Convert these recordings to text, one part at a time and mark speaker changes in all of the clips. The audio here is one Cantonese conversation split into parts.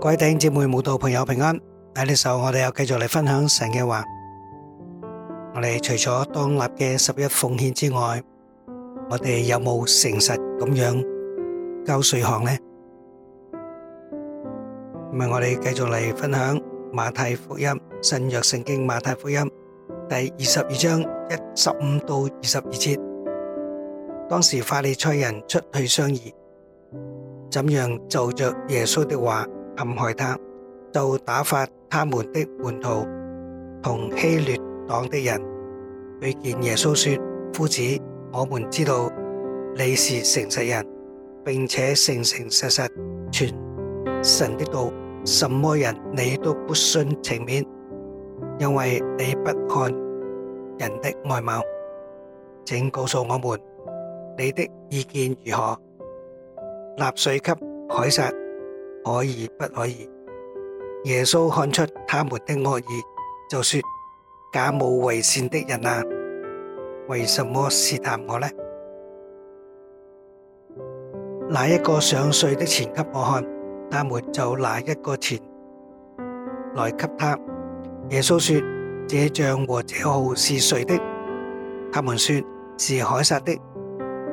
Speaker 1: 各位兄弟姐妹、舞蹈朋友平安，喺呢首我哋又繼續嚟分享神嘅話。我哋除咗當立嘅十一奉獻之外，我哋有冇誠實咁樣交稅項呢？唔係，我哋繼續嚟分享馬太福音新約聖經馬太福音第二十二章一十五到二十二節。當時法利賽人出去商議，怎樣就着耶穌的話。陷害他，就打發他們的門徒同希律黨的人去見耶穌，說：夫子，我們知道你是誠實人，並且誠誠實實傳神的道，什麼人你都不徇情面，因為你不看人的外貌。請告訴我們你的意見如何？納稅給凱撒。可以不可以？耶穌看出他們的惡意，就說：假冒為善的人啊，為什麼試探我呢？拿一個上稅的錢給我看，他們就拿一個錢來給他。耶穌說：這賬和這號是誰的？他們說：是凱撒的。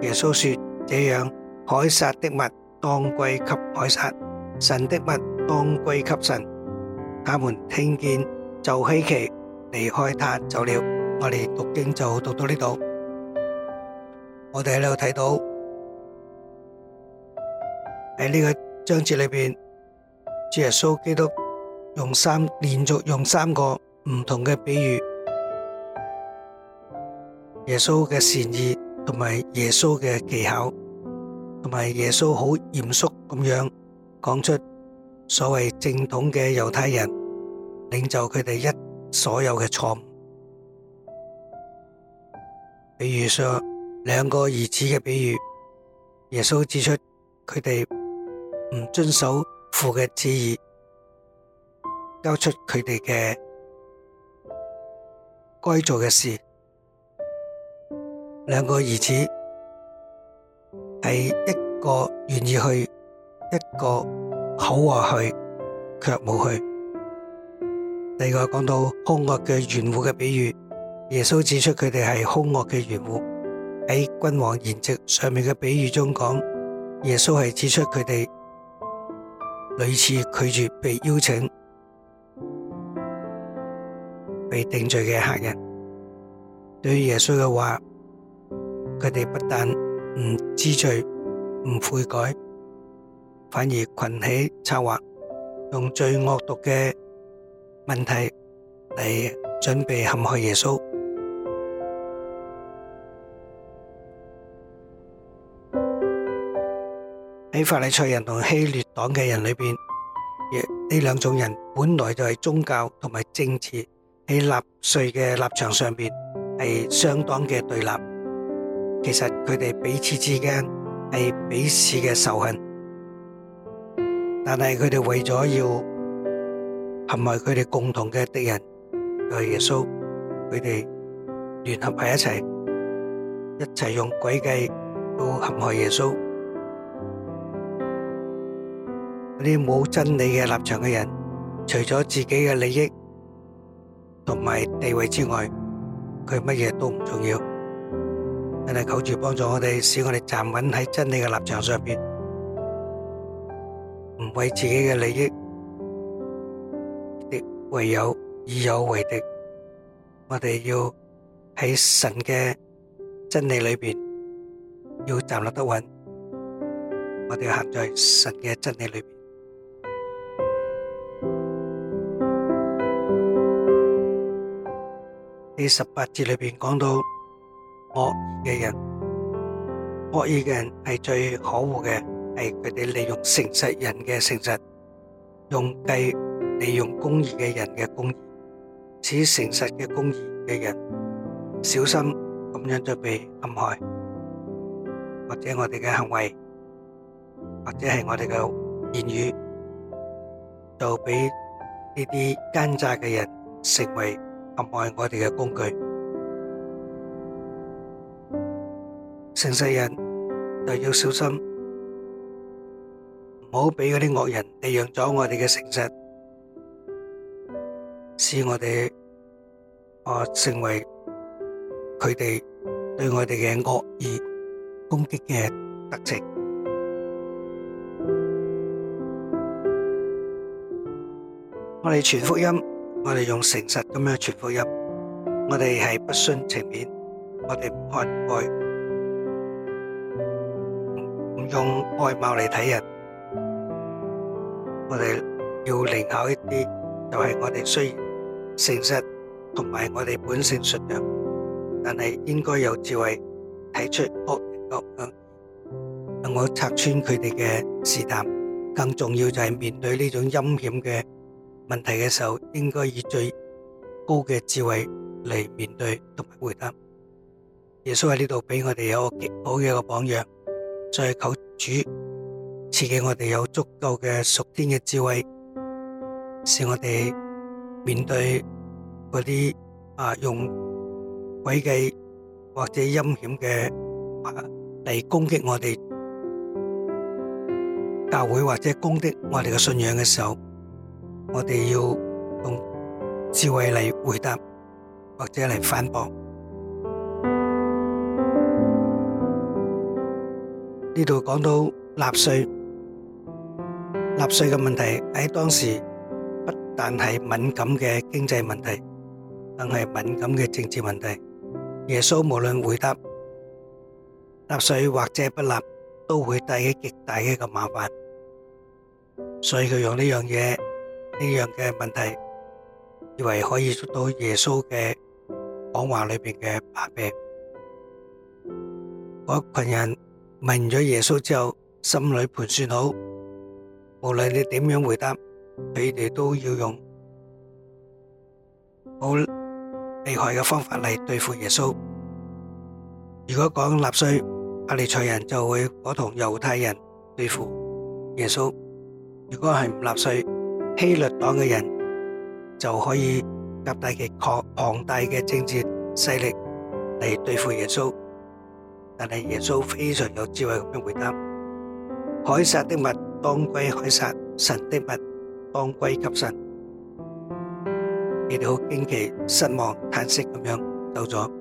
Speaker 1: 耶穌說：這樣凱撒的物當歸給凱撒。神的物當歸給神，他們聽見就希奇，離開他走了。我哋讀經就讀到呢度，我哋喺呢度睇到喺呢個章節裏邊，耶穌基督用三連續用三個唔同嘅比喻，耶穌嘅善意同埋耶穌嘅技巧，同埋耶穌好嚴肅咁樣，講出所謂正統嘅猶太人領袖佢哋一所有嘅錯誤，比如說，兩個兒子嘅比喻，耶穌指出佢哋唔遵守父嘅旨意，交出佢哋嘅該做嘅事。兩個兒子係一個願意去。一個口話去，卻冇去。第二個講到兇惡嘅園戶嘅比喻，耶穌指出佢哋係兇惡嘅園戶。喺君王筵席上面嘅比喻中，講耶穌係指出佢哋類似拒絕被邀請、被定罪嘅客人。對耶穌嘅話，佢哋不但唔知罪，唔悔改。反而群起策劃，用最惡毒嘅問題嚟準備陷害耶穌。喺法利賽人同希律黨嘅人裏邊，呢兩種人本來就係宗教同埋政治，喺納稅嘅立場上邊係相當嘅對立。其實佢哋彼此之間係彼此嘅仇恨。但係佢哋，為咗要陷害佢哋共同嘅敵人，就係耶穌，佢哋聯合喺一齊一齊用詭計都陷害耶穌。嗰啲冇真理嘅立場嘅人，除咗自己嘅利益同埋地位之外，佢乜嘢都唔重要。但係求助幫助我哋，使我哋站穩喺真理嘅立場上面。唔為自己嘅利益，敵唯有以友為敵。我哋要喺神嘅真理裏面，要站立得穩。我哋要行在神嘅真理裏面。第十八節裏面講到惡意嘅人，惡意嘅人係最可惡嘅。係佢哋利用誠實人嘅誠實，用計利用公義嘅人嘅公義，使誠實嘅公義嘅人小心咁樣就被陷害，或者我哋嘅行為，或者係我哋嘅言語，就俾呢啲奸詐嘅人成為陷害我哋嘅工具。誠實人就要小心。唔好俾嗰啲惡人利用咗我哋嘅誠實，使我哋啊成為佢哋對我哋嘅惡意攻擊嘅得逞。我哋傳福音，我哋用誠實咁樣傳福音。我哋係不徇情面，我哋唔看外，唔用外貌嚟睇人。我哋要靈巧一啲，就係我哋雖然誠實同埋我哋本性善良，但係應該有智慧睇出惡惡，我拆穿佢哋嘅試探。更重要就係面對呢種陰險嘅問題嘅時候，應該以最高嘅智慧嚟面對，同埋回答。耶穌喺呢度俾我哋有一個極好嘅一個榜樣，再係求主。刺激我哋有足夠嘅屬天嘅智慧，使我哋面對嗰啲啊用詭計或者陰險嘅嚟攻擊我哋教會或者攻擊我哋嘅信仰嘅時候，我哋要用智慧嚟回答或者嚟反駁。呢度講到納稅。納稅嘅問題喺當時不但係敏感嘅經濟問題，更係敏感嘅政治問題。耶穌無論回答納稅或者不納，都會帶起極大嘅一個麻煩。所以佢用呢樣嘢，呢樣嘅問題，以為可以捉到耶穌嘅講話裏邊嘅把柄。嗰群人問咗耶穌之後，心裏盤算好。無論你點樣回答，佢哋都要用好厲害嘅方法嚟對付耶穌。如果講納稅，亞利賽人就會果同猶太人對付耶穌；如果係唔納稅，希律黨嘅人就可以夾帶其龐大嘅政治勢力嚟對付耶穌。但係耶穌非常有智慧咁樣回答：凱撒的物。當歸該撒神的物，當歸給神。你哋好驚奇、失望、嘆息咁樣走咗。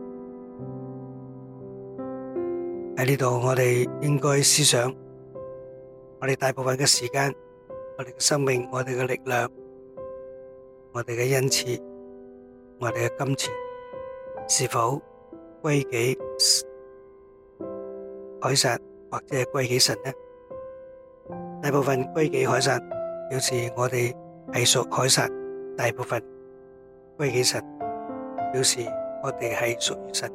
Speaker 1: 喺呢度，我哋應該思想：我哋大部分嘅時間、我哋嘅生命、我哋嘅力量、我哋嘅恩賜、我哋嘅金錢，是否歸己該撒或者係歸己神呢？大部分歸己海，海歸神，表示我哋係屬海神。大部分歸己神，表示我哋係屬於神。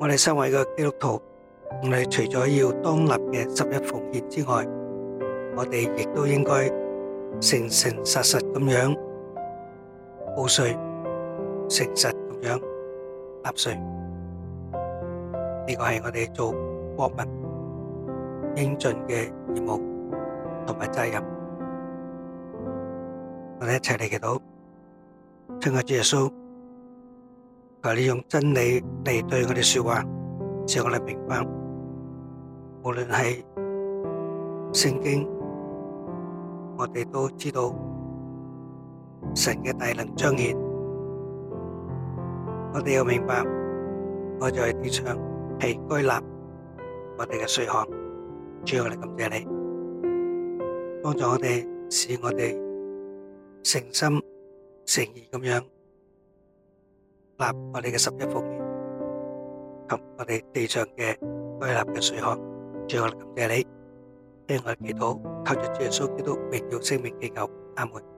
Speaker 1: 我哋身為個基督徒，你除咗要當立嘅十一奉獻，之外，我哋亦都應該誠誠實實咁樣報稅、誠實咁樣納稅。呢個係我哋做國民應盡嘅義務。同埋責任，我哋一齊嚟祈禱，稱我主耶穌，求你用真理嚟對我哋說話，使我哋明白，無論係聖經，我哋都知道神嘅大能彰顯，我哋要明白我在地上係歸納我哋嘅罪行，主我哋感謝你。幫助我哋，使我哋誠心誠意咁樣立我哋嘅十一方面，及我哋地上嘅歸納嘅罪惡。最後，感謝你，聽我祈禱，靠着耶穌基督，榮耀生命機構。阿門。